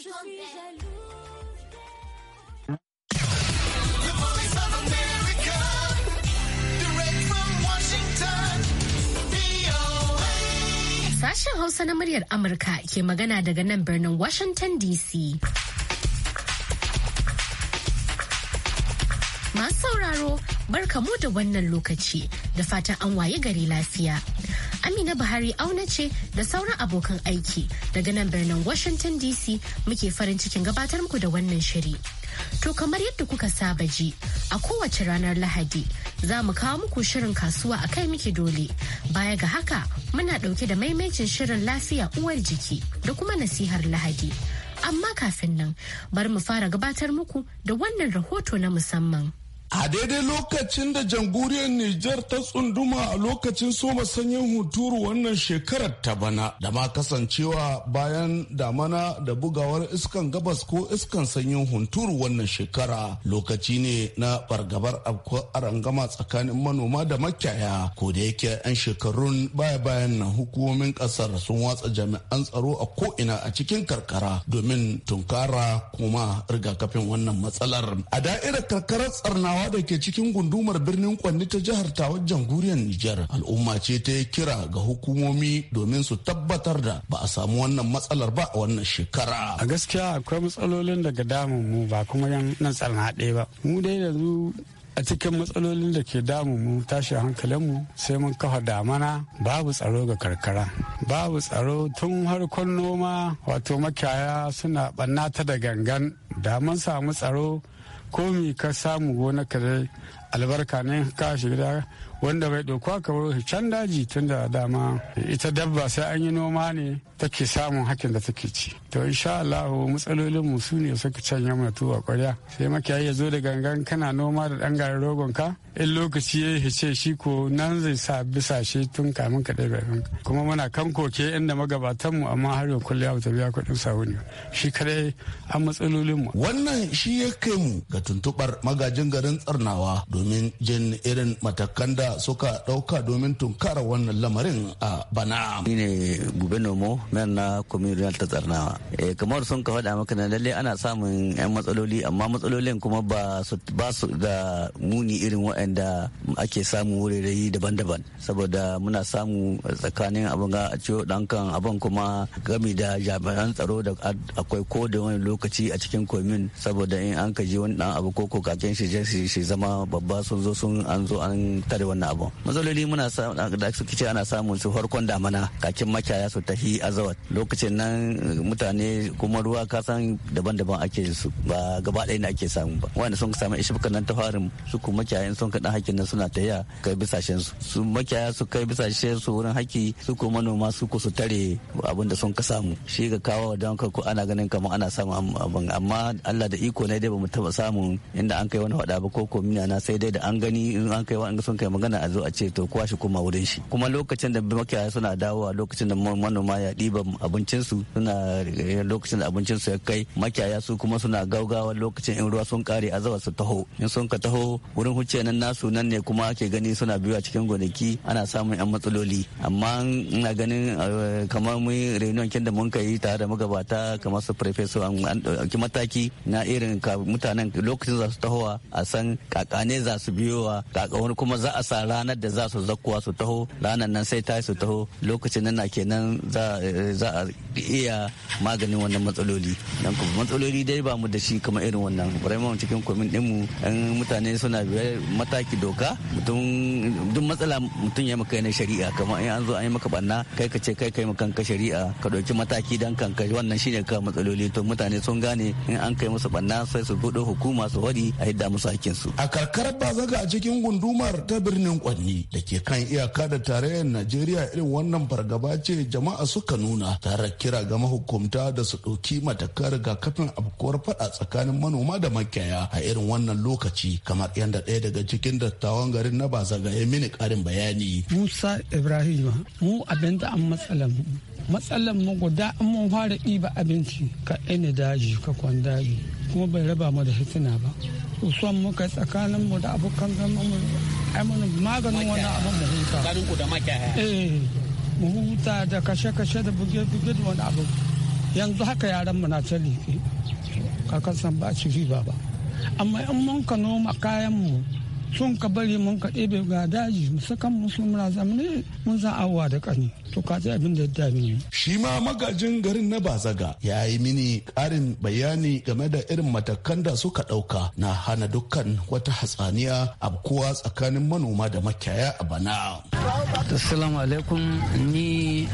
Je suis of Sashen Hausa na muryar Amurka ke magana daga nan birnin Washington DC. barka mu da wannan lokaci da fatan an waye gari lafiya. Amina Buhari auna ce da sauran abokan aiki daga nan birnin Washington DC muke farin cikin gabatar muku da wannan shiri. To kamar yadda kuka saba ji a kowace ranar Lahadi za mu kawo muku shirin kasuwa a kai muke dole. Baya ga haka muna ɗauke da maimaicin shirin lafiya uwar jiki da kuma nasihar Lahadi. amma kafin nan bari mu fara gabatar muku da wannan rahoto na musamman. A daidai lokacin da jamhuriyar Nijar ta tsunduma a lokacin soma sanyin hunturu wannan shekarar ta bana da ma kasancewa bayan damana da bugawar iskan gabas ko iskan sanyin hunturu wannan shekara lokaci ne na fargabar afko arangama tsakanin manoma da makiyaya ko da yake 'yan shekarun baya bayan na hukumomin kasar sun watsa jami'an tsaro a ko'ina a cikin karkara domin tunkara kuma rigakafin wannan matsalar. A da'irar karkarar tsarnawa Adamawa da ke cikin gundumar birnin Kwanni ta jihar wajen jamhuriyar Nijar al'umma ce ta yi kira ga hukumomi domin su tabbatar da ba a samu wannan matsalar ba a wannan shekara. A gaskiya akwai matsalolin daga damun mu ba kuma yan nan tsarin haɗe ba. Mu dai yanzu a cikin matsalolin da ke damun mu tashi mu sai mun kafa damana babu tsaro ga karkara babu tsaro tun harkon noma wato makiyaya suna ta da gangan da mun samu tsaro komi ka samu gona ka albarka ne ka shiga wanda bai ɗauko ka wuri can daji tun da dama ita dabba sai an yi noma ne take samun hakin da take ci to insha Allah matsalolin mu su ne suka canya mana tuwa ƙwarya sai makiyayi ya zo da gangan kana noma da ɗan garin rogon ka in lokaci ya yi hice shi ko nan zai sa bisashe tun kamin ka ɗaya kuma muna kan koke inda magabatan mu amma har yau kullum ta biya kuɗin sabuni shi kadai an matsalolin mu wannan shi ya kai mu ga tuntuɓar magajin garin tsarnawa domin jin irin matakan da suka ɗauka domin tunkara wannan lamarin a bana. Ni ne Bube Nomo, nan na communal ta Tsarnawa. Eh, kamar sun ka faɗa maka na lalle ana samun 'yan matsaloli amma matsalolin kuma ba su da muni irin waɗanda ake samu wurare daban-daban saboda muna samu tsakanin abin ga a ciwo ɗankan abin kuma gami da jami'an tsaro da akwai ko da wani lokaci a cikin komin saboda in an ka ji wani ɗan abu ko ko kakin shi shi zama babba sun zo sun an zo an tare wani wannan abu matsaloli muna da suke ce ana samun su farkon damana kakin makiyaya su tafi azawat lokacin nan mutane kuma ruwa kasan daban-daban ake su ba gaba ɗaya ne ake samu ba wanda sun samu ishibkan nan ta farin su kuma makiyayan sun kaɗan hakin nan suna taya kai bisashen su su makiyaya su kai bisashen su wurin haki su ko manoma su ko su tare abin da sun ka samu shi ga kawo don ka ko ana ganin kamar ana samu abin amma Allah da iko ne dai bamu taba samu inda an kai wani hada ba ko ko mina na sai dai da an gani in an kai wani sun kai magana magana a zo a ce to kowa kuma wurin shi kuma lokacin da makiyaya suna dawowa lokacin da manoma ya ɗiba abincinsu suna eh, lokacin da abincinsu ya kai makiyaya su kuma suna gaugawa lokacin in ruwa sun kare a zawa su taho in sun ka taho wurin huce nan nasu nan ne kuma ake gani suna biyu a cikin gonaki ana samun yan matsaloli amma ina ganin eh, kamar mu reunion kin da mun kai tare da magabata kamar su professor an ɗauki mataki na irin mutanen lokacin za su tahowa a san kakane za su biyowa kakawar kuma za a sa a ranar da za su zakkuwa su taho ranar nan sai ta su taho lokacin nan na kenan za eh, a iya maganin wannan matsaloli dan kuma matsaloli dai ba mu da shi kamar irin wannan vraiment cikin kwamin ɗinmu in mutane suna eh, mataki doka duk matsala mutum ya maka na shari'a kamar in an zo an yi maka banna kai ka ce kai kai maka kanka shari'a ka ɗauki mataki dan kanka wannan shine ka matsaloli to mutane sun gane in an kai musu banna sai su buɗe hukuma su wari a yadda musu hakkin su a ba zaga a cikin gundumar ta birnin birnin Kwanni da ke kan iyaka da tarayyar Najeriya irin wannan fargaba ce jama'a suka nuna tare kira ga mahukumta da su ɗauki matakar rigakafin afkuwar faɗa tsakanin manoma da makiyaya a irin wannan lokaci kamar yadda ɗaya daga cikin dattawan garin na Bazaga ya mini karin bayani. Musa Ibrahim mu abin da an matsalan mu. Matsalan mu guda an mun fara ɗiba abinci ka daji ka kwan daji kuma bai raba mu da hitina ba. Usuwan muka tsakanin mu da abokan zama mu ai maganin wani abin mu huta garin ku da makiyaya eh mu huta da kashe-kashe da buge-buge da wani yanzu haka yaran mu na can liƙe kakan san ba ci riba ba amma in mun ka noma kayan mu sun ka bari mun ka ɗebe ga daji mu sakan mu sun mun za da ƙani to ka ji abin da ya dami ne. shi ma magajin garin na bazaga ya yi mini karin bayani game da irin matakan da suka dauka na hana dukkan wata hatsaniya a kowa tsakanin manoma da makiyaya a bana. assalamu alaikum ni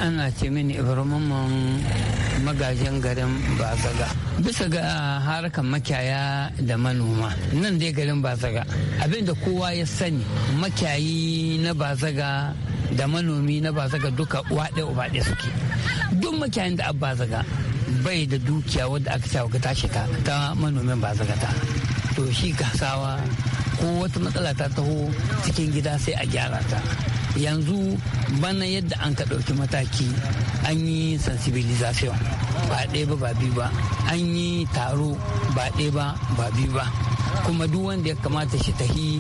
ana ce mini ibrahim magajin garin bazaga bisa ga harkar makiyaya da manoma nan dai garin bazaga abin da kowa ya sani makiyayi na bazaga da manomi na bazaga duka uwa ɗaya suke duk makiyayin da abba zaga bai da dukiya wadda aka sa ga tashi ta ta manomin bazaga ta to shi gasawa ko wata matsala ta taho cikin gida sai a gyara ta yanzu bana yadda an ka ɗauki mataki an yi sensibilisation ba ɗaya ba ba biyu ba an yi taro ba ɗaya ba ba biyu ba kuma duk wanda ya kamata shi tahi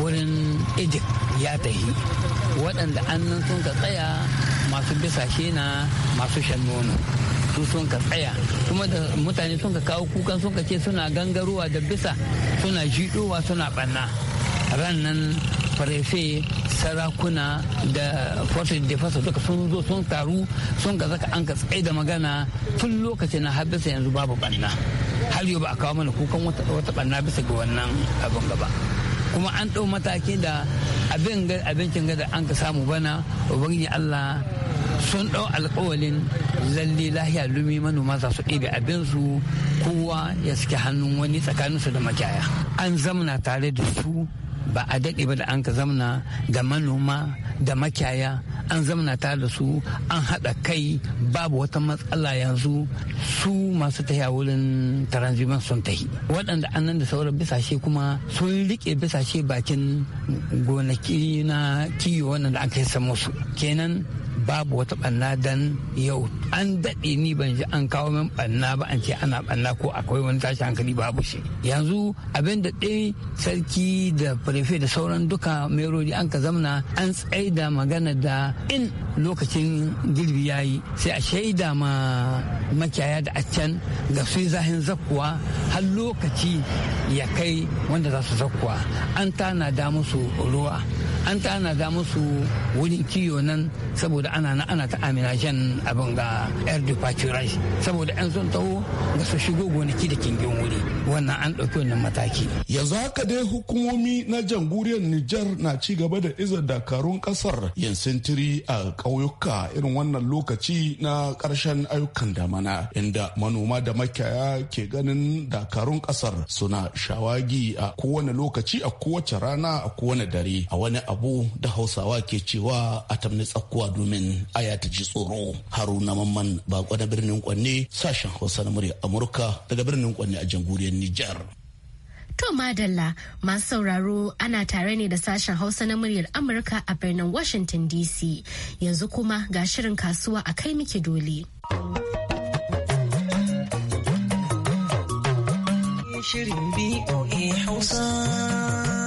wurin ejik ya tahi waɗanda annan sun ka tsaya masu bisa na masu shan nono su sun ka tsaya kuma da mutane sun ka kawo kukan sun ka ce suna gangarowa da bisa suna jiɗowa suna ɓanna Rannan nan farefe sarakuna da fortin defensa duka sun zo sun taru sun ka zaka an ka tsaye da magana tun lokaci na habisa yanzu babu banna har yau ba a kawo mana kukan wata banna bisa ga wannan abin gaba kuma an ɗau mataki da abin abincin gada an ka samu bana ubangiji Allah sun ɗau alkawalin lalle lahiya lumi manoma za su ɗebe abinsu kowa ya suke hannun wani tsakaninsu da makiyaya an zamna tare da su ba a daɗe ba da an ka zamna da manoma da makiyaya an zamana ta da su an haɗa kai babu wata matsala yanzu su masu tahiya wurin taranziman sun tahi waɗanda an nan da sauran bisashe kuma sun riƙe bisashe bakin gonaki na kiyo wannan da an kai samu su kenan babu wata banna dan yau an daɗe ni ban ji an kawo min banna ba an ce ana banna ko akwai wani tashi hankali babu shi yanzu abin da ɗaya sarki da prefe da sauran duka merori an ka zamna an tsai da magana da in lokacin girbi ya yi sai a shaida ma makiyaya da a can ga su zahin zakuwa har lokaci ya kai wanda za su zakuwa an tana da musu ruwa an ga musu wurin kiyo nan saboda ana na ana ta amina jan abin ga yar dupaturai saboda yan sun taho ga su shigo gonaki da kingin wuri wannan an ɗauki wannan mataki yanzu haka dai hukumomi na jamhuriyar nijar na ci gaba da iza dakarun kasar yin sintiri a ƙauyuka irin wannan lokaci na ƙarshen ayyukan damana inda manoma da makiyaya ke ganin dakarun kasar suna shawagi a kowane lokaci a kowace rana a kowane dare a wani abu abu da hausawa ke cewa a tamni tsakkuwa domin aya ta ji tsoro haruna mamman bako na birnin kwanne sashen hausa na murya amurka daga birnin kwanne a jamhuriyar nijar To Madalla masu sauraro ana tare ne da sashen Hausa na muryar Amurka a birnin Washington DC. Yanzu kuma ga shirin kasuwa a kai miki dole. Shirin BOA Hausa.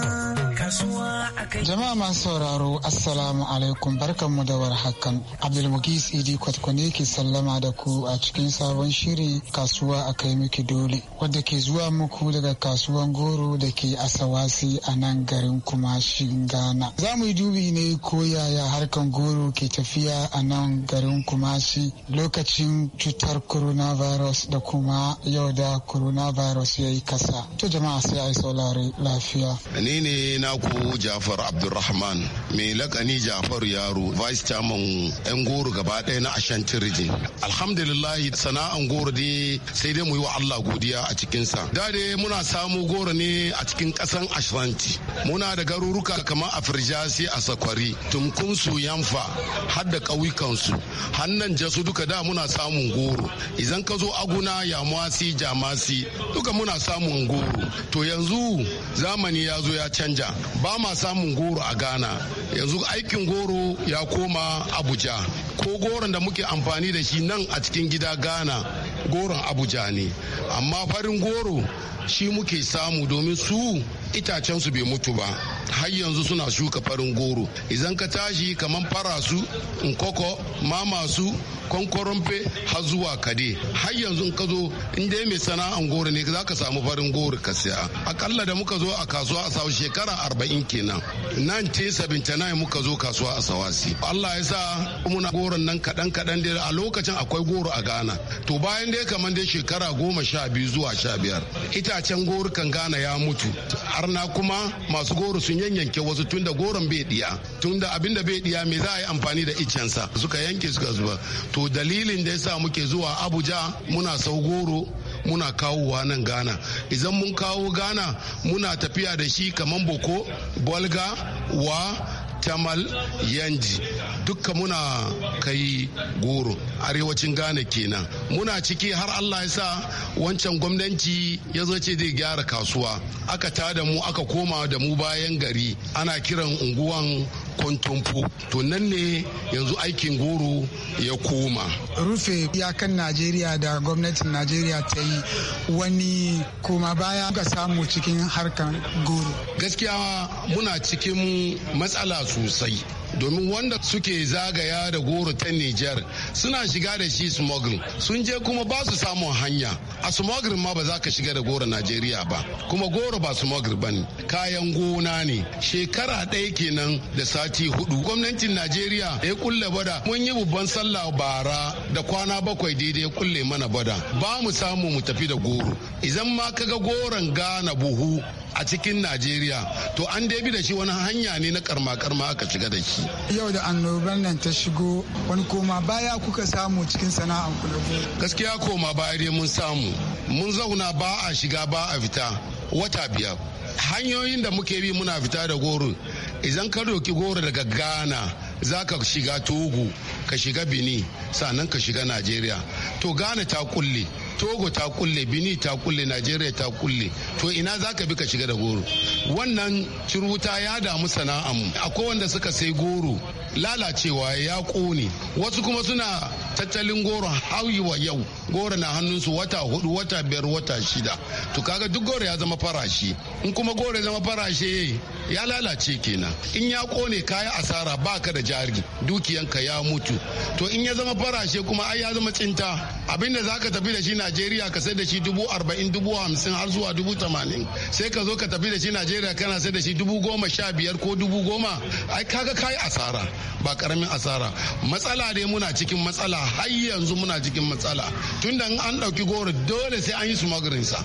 Jama'a masu sauraro Assalamu alaikum barkanmu da warhakan. Abdulmugis Idi Kwatkwane ke sallama da ku a cikin sabon shiri kasuwa a kai miki dole wadda ke zuwa muku daga kasuwan goro da ke asawasi a nan garin kumashin Ghana. Za mu yi dubi ne ko yaya harkan goro ke tafiya a nan garin kumashi lokacin cutar coronavirus da kuma yau da coronavirus ya yi kasa. To jama'a sai a yi saurare lafiya. Ni ne na Ko Jafar Abdulrahman mai lakani Jafar Yaro vice chairman yan goro gaba ɗaya na Ashanti Rijin. Alhamdulillah sana'an goro ne sai dai mu yi wa Allah godiya a cikinsa. Da dai muna samu goro ne a cikin ƙasan Ashanti. Muna da garuruka kamar Afirjasi a Sakwari, Tumkunsu Yamfa, har da ƙauyukansu, hannan jasu duka da muna samun goro. Idan ka zo Aguna, Yamasi, Jamasi duka muna samun goro. To yanzu zamani ya zo ya canja ba ma samun goro a ghana yanzu aikin goro ya koma abuja ko goron da muke amfani da shi nan a cikin gida ghana goron abuja ne amma farin goro shi muke samu domin su itacensu bai mutu ba har yanzu suna shuka farin goro idan ka tashi kamar fara su nkoko mama su kwankwarompe har zuwa kade har yanzu in ka zo in dai mai sana'an goro ne za ka samu farin goro ka siya akalla da muka zo a kasuwa a sau shekara arba'in kenan nan ce sabinta nai muka zo kasuwa a sawasi allah ya sa muna goron nan kaɗan kaɗan dai a lokacin akwai goro a ghana to bayan dai kamar dai shekara goma sha biyu zuwa sha biyar itacen goro kan ghana ya mutu har na kuma masu goro sun yanyanke wasu tunda goron bai diya tunda abinda bai diya me za a yi amfani da icensa suka yanke suka zuba to dalilin da yasa muke zuwa abuja muna sau goro muna kawowa nan ghana idan mun kawo ghana muna tafiya da shi kamar boko bolga wa tamal yanji dukka muna kai goro arewacin ghana kenan muna ciki har allah ya sa wancan gwamnati ya zo ce zai gyara kasuwa aka tada mu aka koma da mu bayan gari ana kiran unguwan kwantomfo to nan ne yanzu aikin goro ya koma rufe iyakan najeriya da gwamnatin najeriya ta yi wani koma baya ga samu cikin harkar goro gaskiya muna cikin matsala sosai domin wanda suke zagaya da goro ta Nijar suna shiga da shi smuggling sun je kuma ba su samun hanya a smuggling ma ba za ka shiga da goro Najeriya ba kuma goro ba smuggling ba ne kayan gona ne shekara ɗaya kenan da sati hudu gwamnatin Najeriya da ya kulle bada mun yi babban sallah bara da kwana bakwai daidai kulle mana bada ba mu samu mu tafi da goro idan ma kaga goron gana buhu a cikin najeriya to an dai bi da shi wani hanya ne na karma-karma aka shiga da shi yau da annobar nan ta shigo wani koma baya kuka samu cikin sana'ar ku gaskiya koma baya dai mun samu mun zauna ba a shiga ba a fita wata biyar hanyoyin da muke bi muna fita da goro idan ka doki goro daga ghana za ka shiga togo ka shiga benin sannan ka shiga najeriya to ghana ta kulle togo ta kulle bini ta kulle najeriya ta kulle to ina za ka bi ka shiga da goro wannan ciruta ya damu sana'amu akwai wanda suka sai goro lalacewa ya kone wasu kuma suna tattalin goro wa yau goro na hannunsu wata hudu wata biyar wata shida to kaga duk goro ya zama farashi in kuma goro ya zama farashi ya lalace kenan in ya kone kaya asara baka da jari dukiyanka ya mutu to in ya zama farashi kuma ai ya zama tsinta abinda zaka tafi da shi na najeriya ka sai da shi dubu arba'in dubu hamsin har zuwa dubu tamanin sai ka zo ka tafi da shi najeriya kana sai da shi dubu goma sha biyar ko dubu goma ai kaga kayi asara ba karamin asara matsala dai muna cikin matsala har yanzu muna cikin matsala tunda an ɗauki goro dole sai an yi smuggling sa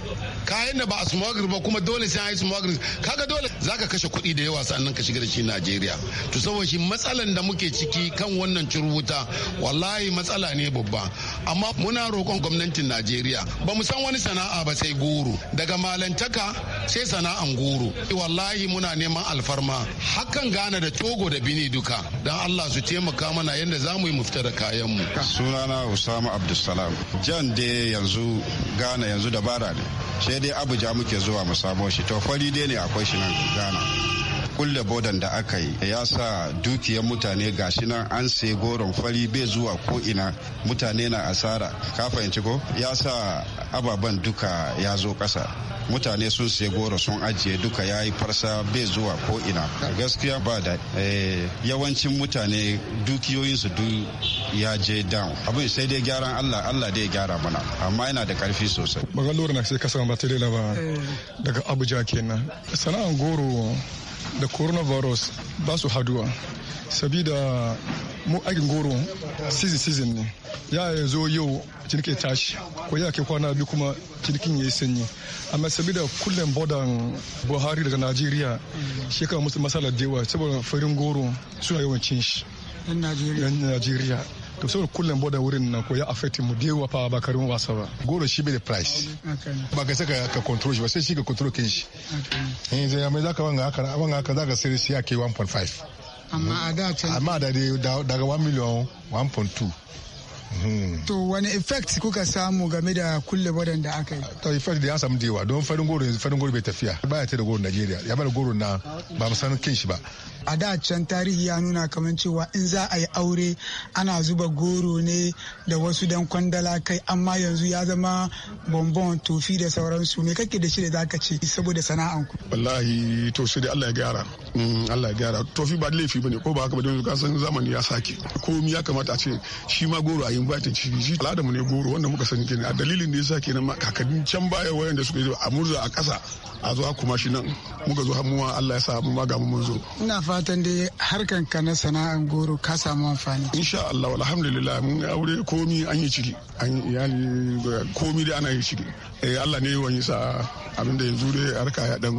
kayan da ba a smuggling ba kuma dole sai an yi smuggling kaga dole zaka kashe kuɗi da yawa sannan ka shiga da shi najeriya to saboda shi matsalan da muke ciki kan wannan curuta wallahi matsala ne babba amma muna roƙon gwamnatin najeriya najeriya ba mu san wani sana'a ba sai goro daga malantaka sai sana'an goro eh, wallahi muna neman alfarma hakan gana da togo da bini duka don allah su taimaka mana yadda za mu yi mufta da kayan mu sunana usama abdulsalam jan dai yanzu gana yanzu dabara ne sai dai abuja muke zuwa mu samo shi to fari dai ne akwai shi nan gana kulle bodan da aka yi ya sa dukiyar mutane gashi nan an sai goron fari bai zuwa ko ina mutane na asara ka fahimci ko ya sa ababen duka ya zo kasa mutane sun sai goro sun ajiye duka ya yi farsa bai zuwa ko ina gaskiya ba da eh, yawancin mutane dukiyoyinsu du ya je down abin sai dai gyaran allah allah dai gyara mana amma yana da karfi sosai lura na sai kasa ba ba eh. daga abuja kenan sana'an goro da coronavirus ba su haduwa sabida mu aikin goro season season ne ya zo yau cinikin tashi ko ya ke kwana biyu kuma cinikin ya yi sanyi amma sabida kullum bodan buhari daga najeriya shi musu masalar dewa saboda farin goro suna yawan cin shi yan najeriya to ku kullum boda wurin nan ko ya affect mu dewa fa ba karin wasa ba goro shi bai da price ba ka saka ka control shi ba sai shi ka control kin shi eh sai mai zaka wanga haka wanga haka zaka sai shi yake 1.5 amma a da can amma da daga 1 million 1.2 hmm. to wani effect kuka samu game da kulle bodan da aka yi to effect da ya samu dewa don farin goro farin goro bai tafiya baya ta da goro Najeriya ya bar goro na ba mu san kin shi ba a da can tarihi ya nuna kamar cewa in za a yi aure ana zuba goro ne da wasu dan kwandala kai amma yanzu ya zama bonbon tofi da sauransu me kake da shi da zaka ce saboda sana'an ku wallahi to shi da Allah ya gyara mm, Allah ya gyara tofi ba laifi bane ko ba haka ba don ka san zamani ya sake komai ya kamata a ce shi ma goro a yi bayan ci shi al'ada mu ne goro wanda muka sani kenan a dalilin da yasa kenan kakannin can baya wayan da suka yi a murza a kasa a zo a kuma shi nan muka zo hamuwa Allah ya sa mu ma ga mun zo ina fatan dai harkan ka na sana'an goro ka samu amfani insha Allah alhamdulillah mun aure komi an yi ciki an iyali komi da ana yi ciki eh Allah ne wani sa abin da yanzu dai harka ya dan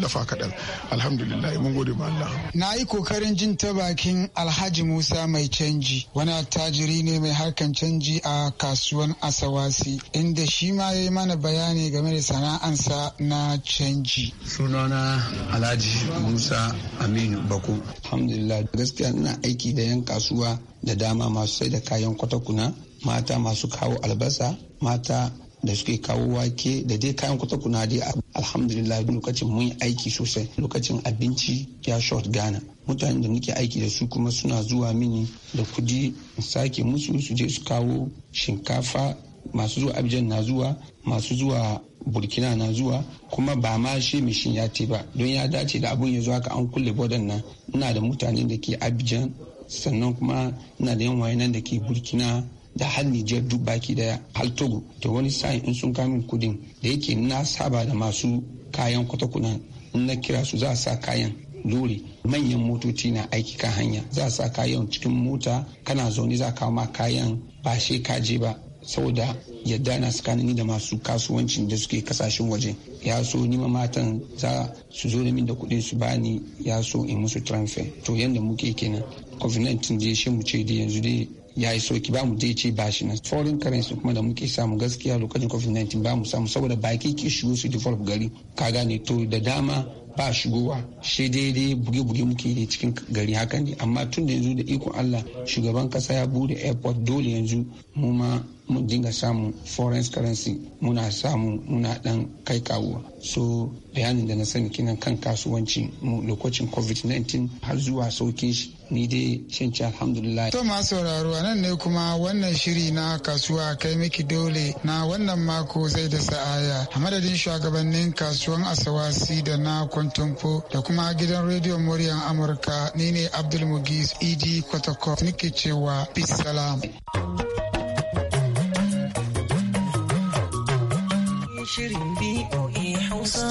lafa kaɗan alhamdulillah mun gode ma Allah na yi kokarin jin ta bakin Alhaji Musa mai canji wani attajiri ne mai harkan canji a kasuwan Asawasi inda shi ma ya mana bayani game da sana'ansa na canji sunana Alhaji Musa Aminu Bako alhamdulillah gaskiya ina aiki da yan kasuwa da dama masu sai da kayan kwatakuna mata masu kawo albasa mata da suke kawo wake da dai kayan kuna dai alhamdulillah lokacin mun yi aiki sosai lokacin abinci ya short gana mutanen da nake aiki da su kuma suna zuwa mini da kudi sake musu su je su kawo shinkafa masu zuwa abidjan na zuwa masu zuwa burkina na zuwa kuma ba ma shi mishin ya ce ba don ya dace da abun ya zo haka an kulle bodan nan ina da mutane da ke abidjan sannan kuma ina da yan nan da ke burkina da har Nijar duk baki daya har Togo to wani sa'in in sun kamin kudin da yake na saba da masu kayan kwatakunan in na kira su za a sa kayan lori manyan motoci na aiki kan hanya za a sa kayan cikin mota kana zaune za a kawo ma kayan ba she ka je ba saboda yadda na tsakanin da masu kasuwancin da suke kasashen waje ya so nima matan za su zo da min da kuɗin su bani ya so in musu transfer to yadda muke kenan covid-19 je shi mu ce da yanzu dai ya yi soki ba mu je ce ba shi na foreign currency kuma da muke samu gaskiya lokacin covid-19 ba mu samu saboda baki ki shigo su develop gari ka gane to da dama ba shigowa shi daidai buge-buge muke ne cikin gari haka ne amma tun da yanzu da ikon allah shugaban kasa ya bude airport dole yanzu mu ma mun dinga samun foreign currency muna samu muna dan kai kawo so bayanin da na sani kinan kan kasuwanci mu lokacin covid-19 har zuwa saukin shi ni dai shan ci alhamdulillah. To ma sauraro nan ne kuma wannan shiri na kasuwa kai miki dole na wannan mako zai da sa'aya a madadin shugabannin kasuwan asawasi da na kwantumfo da kuma gidan rediyon muryan amurka ni ne abdulmugis ed kwatakwa nike cewa peace salam. shirin BOA Hausa.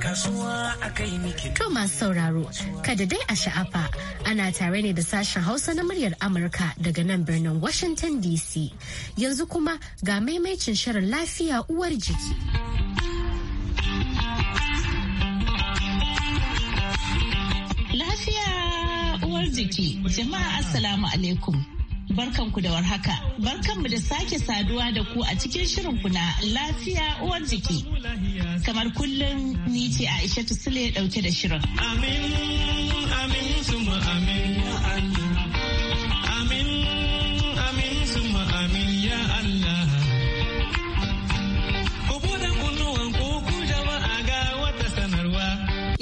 Kasuwa a kai To masu sauraro, kada dai a sha'afa ana tare ne da sashen Hausa na muryar Amurka daga nan birnin Washington DC. Yanzu kuma ga maimaicin shirin lafiya uwar jiki. Lafiya uwar jiki, jama'a Assalamu alaikum. Barkanku da warhaka. Barkanmu da sake saduwa da ku a cikin shirin na lafiya uwar jiki. Kamar kullum ni ce Aisha Sule dauke da shirin. Amin, amin, suma amin,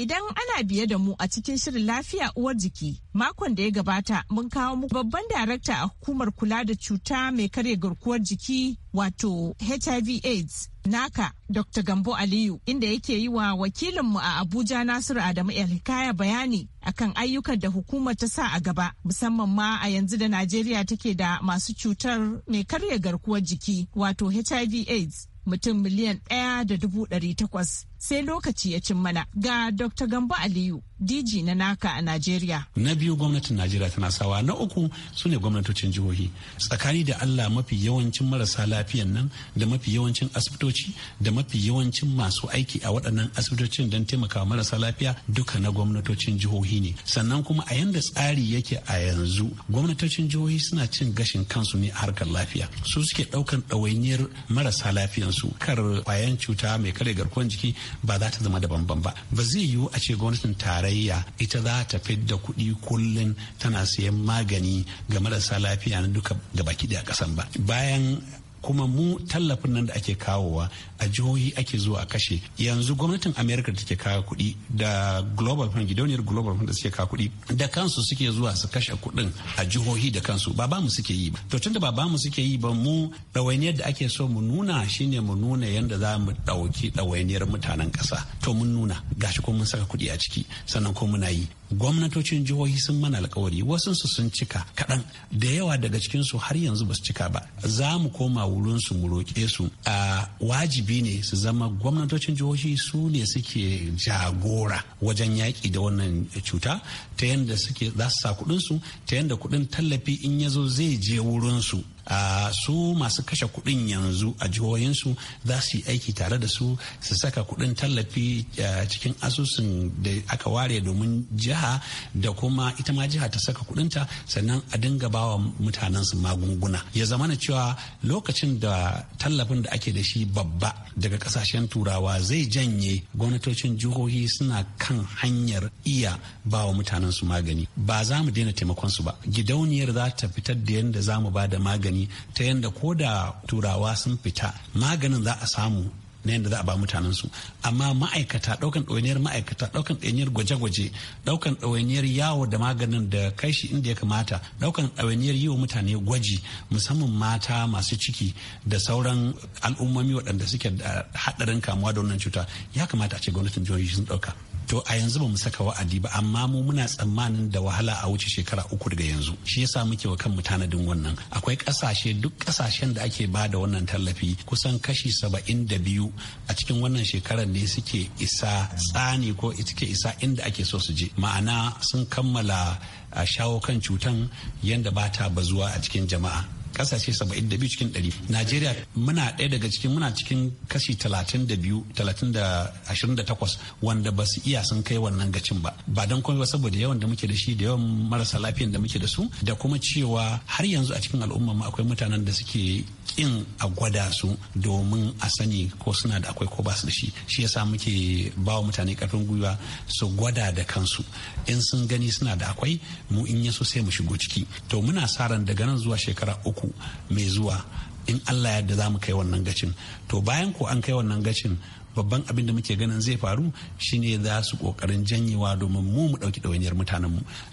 Idan ana biye da mu a cikin shirin lafiya uwar jiki makon da ya gabata mun kawo muku babban darakta a hukumar kula da cuta mai karya garkuwar jiki wato hiv aids naka dr gambo aliyu inda yake yi wa wakilinmu a abuja nasiru adamu hikaya bayani akan ayyukan da hukumar ta sa a gaba musamman ma a yanzu da najeriya take da masu cutar mai karya garkuwar jiki wato hiv aids mutum miliyan ɗaya da dubu ɗari takwas sai lokaci ya cin mana ga dr gambo aliyu dg na naka a najeriya na biyu gwamnatin najeriya tana sawa na uku su ne gwamnatocin jihohi tsakani da allah mafi yawancin marasa lafiyan nan da mafi yawancin asibitoci da mafi yawancin masu aiki a waɗannan asibitocin don taimakawa marasa lafiya duka na gwamnatocin jihohi ne sannan kuma a yanda tsari yake a yanzu gwamnatocin jihohi suna cin gashin kansu ne a harkar lafiya su suke ɗaukan ɗawainiyar marasa lafiyansu kar kwayan cuta cuta mai kare garkuwar jiki ba za ta zama da bambam ba ba zai yiwu a ce gwamnatin tarayya ita za ta fidda kuɗi kullum tana sayan magani ga marasa lafiya na duka gabaki a ƙasan ba bayan kuma mu tallafin nan da ake kawowa a jihohi ake zuwa a kashe yanzu gwamnatin america da take kawo kuɗi da global fund gidauniyar global fund da suke kawo kuɗi da kansu suke zuwa su kashe kuɗin a jihohi da kansu ba ba mu suke yi ba to tunda ba ba mu suke yi ba mu ɗawainiyar da ake so mu nuna shine mu nuna yadda za mu ɗauki ɗawainiyar mutanen kasa to mun nuna gashi ko mun saka kuɗi a ciki sannan ko muna yi gwamnatocin jihohi sun mana alkawari wasansu sun cika kaɗan da yawa daga cikinsu har yanzu basu cika ba za mu koma wurinsu mu roƙe su a wajibi ne su zama gwamnatocin jihohi su ne suke jagora wajen yaƙi da wannan cuta ta yadda suke za su sa kuɗinsu ta yadda kuɗin tallafi in ya zo zai je wurinsu a su masu kashe kuɗin yanzu a jihohinsu za su yi aiki tare da su su saka kuɗin tallafi cikin asusun da aka ware domin jiha da kuma ita ma jiha ta saka kuɗinta sannan a dinga bawa mutanen su magunguna ya zama na cewa lokacin da tallafin da ake da shi babba daga kasashen turawa zai janye gwamnatocin jihohi suna kan hanyar iya bawa mutanen su magani ba za mu daina taimakon su ba gidauniyar za ta fitar da yadda za mu ba da magani magani ta yadda ko da turawa sun fita maganin za a samu na yadda za a ba mutanen su amma ma'aikata daukan ɗawainiyar ma'aikata daukan ɗawainiyar gwaje-gwaje daukan ɗawainiyar yawo da maganin da kai shi inda ya kamata daukan ɗawainiyar yi wa mutane gwaji musamman mata masu ciki da sauran al'ummomi waɗanda suke da haɗarin kamuwa da wannan cuta ya kamata a ce gwamnatin jihohi sun ɗauka to a yanzu ba mu saka wa'adi ba amma mu muna tsammanin da wahala a wuce shekara uku daga yanzu shi yasa muke wa kanmu tanadin wannan akwai kasashe duk kasashen da ake ba da wannan tallafi kusan kashi saba'in da biyu a cikin wannan shekarar ne suke isa tsani ko suke isa inda ake so su je ma'ana sun kammala a shawo kan cutan yadda ba ta bazuwa a cikin jama'a kasashe 72 cikin 100 najeriya muna ɗaya daga cikin muna cikin kashi 32 28 wanda ba su iya sun kai wannan gacin ba ba don komai ba saboda yawan da muke da shi da yawan marasa lafiyan da muke da su da kuma cewa har yanzu a cikin al'umma mu akwai mutanen da suke kin a gwada su domin a sani ko suna da akwai ko ba su da shi shi yasa muke ba wa mutane karfin gwiwa su gwada da kansu in sun gani suna da akwai mu in yaso sai mu shigo ciki to muna sa ran daga nan zuwa shekara uku uku mai zuwa in allah yadda za mu kai wannan gacin to bayan ko an kai wannan gacin babban abin da muke ganin zai faru shine za su kokarin janyewa domin mu mu dauki ɗawainiyar mu.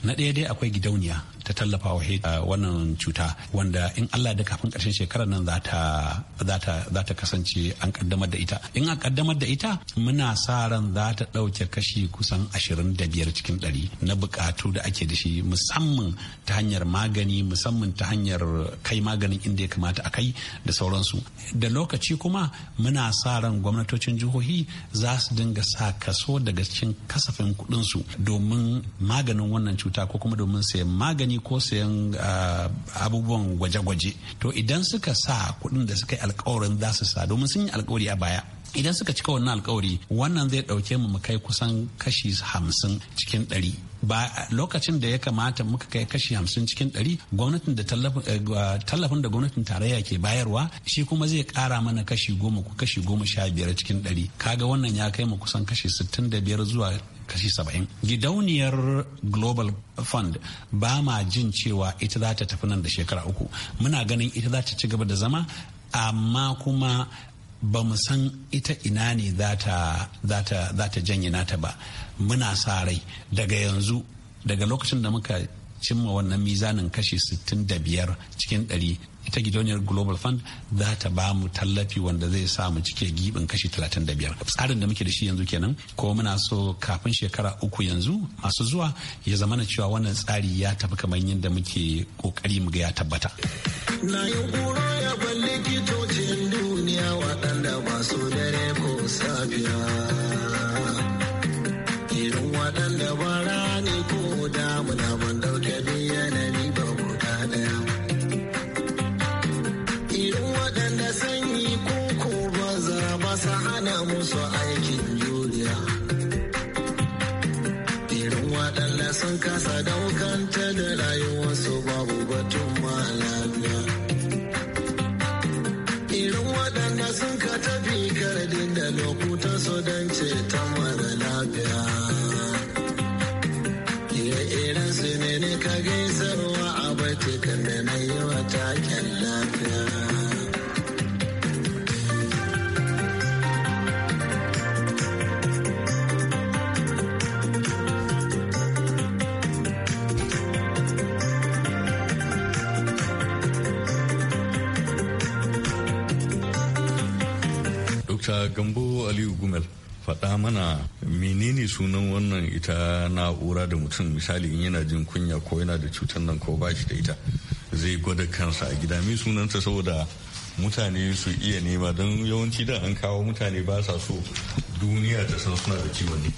na ɗaya dai akwai gidauniya ta tallafa wa wannan cuta wanda in Allah da kafin ƙarshen shekarar nan za ta kasance an kaddamar da ita in an kaddamar da ita muna sa ran za ta ɗauke kashi kusan ashirin da biyar cikin ɗari na buƙatu da ake da shi musamman ta hanyar magani musamman ta hanyar kai maganin inda ya kamata a kai da sauransu da lokaci kuma muna sa ran gwamnatocin jihohi za su dinga sa kaso daga cikin kasafin kuɗinsu domin maganin wannan cuta ko kuma domin sayan magani ko sayan ah, abubuwan gwaje-gwaje to idan suka sa kuɗin da suka yi alkawarin za su sa domin sun yi alkawari a baya idan suka cika wannan alkawari wannan zai dauke mu kai kusan kashi hamsin cikin ɗari ba lokacin da ya kamata muka kai kashi hamsin cikin ɗari gwamnatin da tallafin eh, da gwamnatin tarayya ke bayarwa shi kuma zai kara mana kashi goma ko kashi goma sha biyar cikin ɗari kaga wannan ya kai mu kusan kashi sittin da biyar zuwa kashi saba'in gidauniyar global fund ba ma jin cewa ita za ta tafi nan da shekara uku muna ganin ita za ta ci gaba da zama amma kuma ba mu san ita ina ne za ta janye nata ba muna sa rai daga yanzu daga lokacin da muka cimma wannan mizanin kashi 65 cikin 100 ita gidauniyar global fund za ta ba mu tallafi wanda zai sa mu cike gibin kashi 35 tsarin da muke da shi yanzu kenan ko muna so kafin shekara uku yanzu masu zuwa ya zama na cewa wannan tsari ya tafi kamar yadda muke kokari mu ga ya tabbata na yi duniya waɗanda ba su dare ko irin waɗanda ba ita Gambo Aliyu Gumel faɗa mana menene sunan wannan ita na'ura da mutum misali in yana jin kunya ko yana da cutar nan ko ba shi da ita zai gwada kansa a gida mai sunanta saboda mutane su iya nema don yawanci da an kawo mutane ba sa so duniya ta san suna da ciwon ne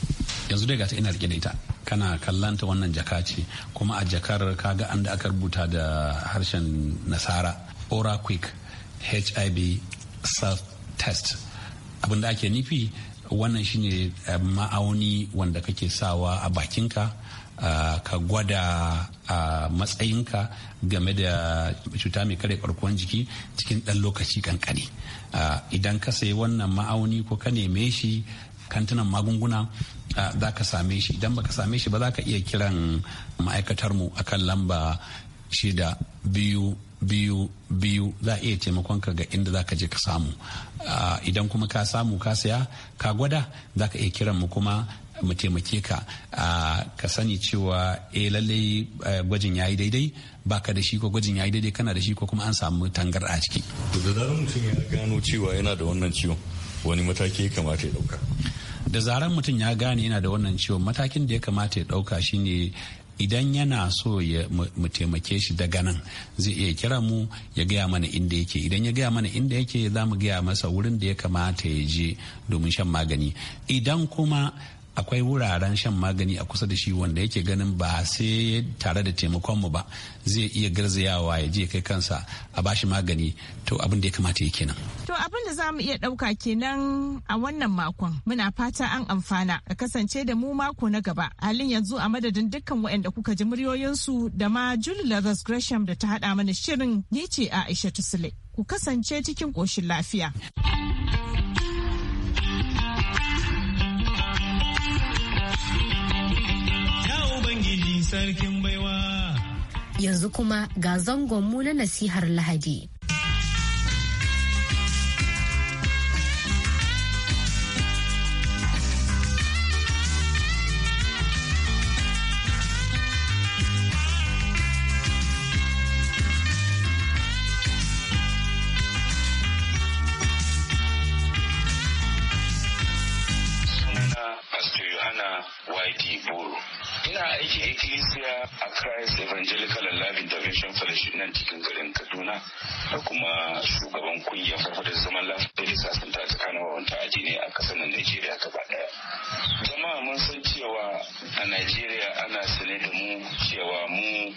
yanzu dai gata ina rike da ita kana kallanta wannan jaka ce kuma a jakar kaga an da aka rubuta da harshen nasara ora quick hiv self test abin da ake nufi wannan shine eh, ma'auni wanda kake sawa a bakinka eh, ka gwada a eh, matsayinka game da cuta mai kare karkuwan jiki cikin ɗan lokaci kankani idan ka sayi wannan ma'auni ko ka neme shi kantunan magunguna za ka same shi idan baka same shi ba za ka iya kiran ma'aikatar mu akan lamba shida biyu biyu biyu za a iya taimakon ka ga inda za ka je ka samu idan kuma ka samu ka saya ka gwada za ka iya kiran mu kuma mu taimake ka ka sani cewa eh lallai eh, gwajin yayi daidai ba ka da shi ko gwajin yayi daidai kana da shi ko kuma an samu tangar a ciki to da zarar mutum ya gano cewa yana da wannan ciwon wani mataki ya kamata ya dauka da zarar mutum ya gane yana da wannan ciwon matakin da ya kamata ya dauka shine idan yana so ya mu taimake shi daga nan zai iya kira mu ya gaya mana inda yake idan ya gaya mana inda yake za mu gaya masa wurin da ya kamata ya je domin shan magani idan kuma akwai wuraren shan magani a kusa da shi wanda yake ganin ba sai tare da taimakon mu ba zai iya garzayawa ya je kai kansa a bashi magani to abin da ya kamata ya kenan to abin da za mu iya ɗauka kenan a wannan makon muna fata an amfana a kasance da mu mako na gaba halin yanzu a madadin dukkan waɗanda kuka ji muryoyinsu da ma Julie Lazarus Gresham da ta haɗa mana shirin ni ce a Aisha Tusile ku kasance cikin koshin lafiya. sarkin baiwa. Yanzu kuma ga zangonmu na nasihar Lahadi. ina aiki ecclesia a Christ Evangelical and Life Intervention Fellowship nan cikin garin Kaduna da kuma shugaban kungiyar farfadar zaman lafiya da sasanta tsakanin wawanta ne a kasar nan Najeriya gaba daya. Jama'a mun san cewa a nigeria ana sane da mu cewa mu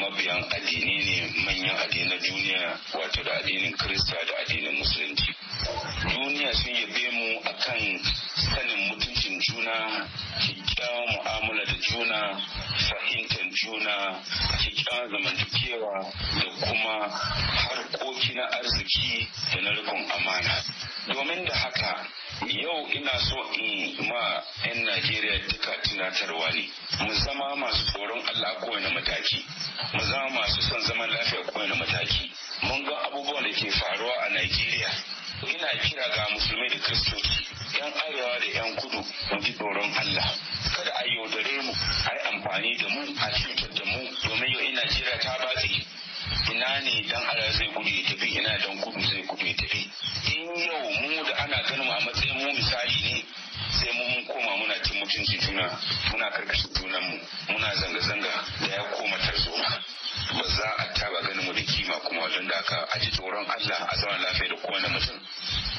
mabiyan addini ne manyan addinan duniya wato da addinin Kirista da addinin Musulunci. Duniya sun yabe mu akan sanin mutunci juna kyakkyawan mu'amala da juna fahimtar juna kyakkyawan zamantakewa da kuma harkoki na arziki da na rikon amana domin da haka yau ina so in ma 'yan najeriya duka tunatarwa ne mu zama masu tsoron allah kowane mataki mu zama masu son zaman lafiya kowane mataki mun ga abubuwan da ke faruwa a najeriya ina kira ga musulmi da kristoci yan arewa da yan kudu mu ji tsoron Allah kada a yaudare mu a yi amfani da mu a cutar da mu domin yau ina Najeriya ta batse ina ne dan arewa zai gudu ya tafi ina dan kudu zai gudu ya tafi in yau mu da ana ganin a matsayin mu misali ne sai mun koma muna cin mutunci juna muna karkashin mu muna zanga-zanga da ya koma tarzoma ba za a taba ganin mu da kima kuma wajen da aka aji tsoron Allah a zaman lafiya da kowane mutum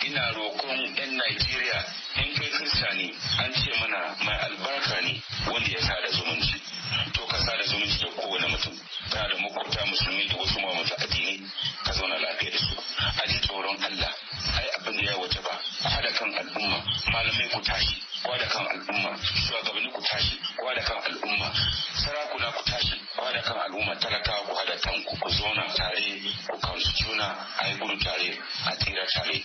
ina roƙon 'yan Najeriya in kai kirista ne an ce mana mai albarka ne wanda ya sada zumunci to ka sada zumunci da kowane mutum ta da makwabta musulmi da wasu mamata addini ka zauna lafiya da su a ji tsoron Allah ai abin da ya waje ba da kan al'umma malamai ku tashi da kan al'umma shugabanni ku tashi da kan al'umma sarakuna ku tashi da kan al'umma talakawa ku hada kanku ku zauna tare ku kansu juna a yi gudu tare a tsira tare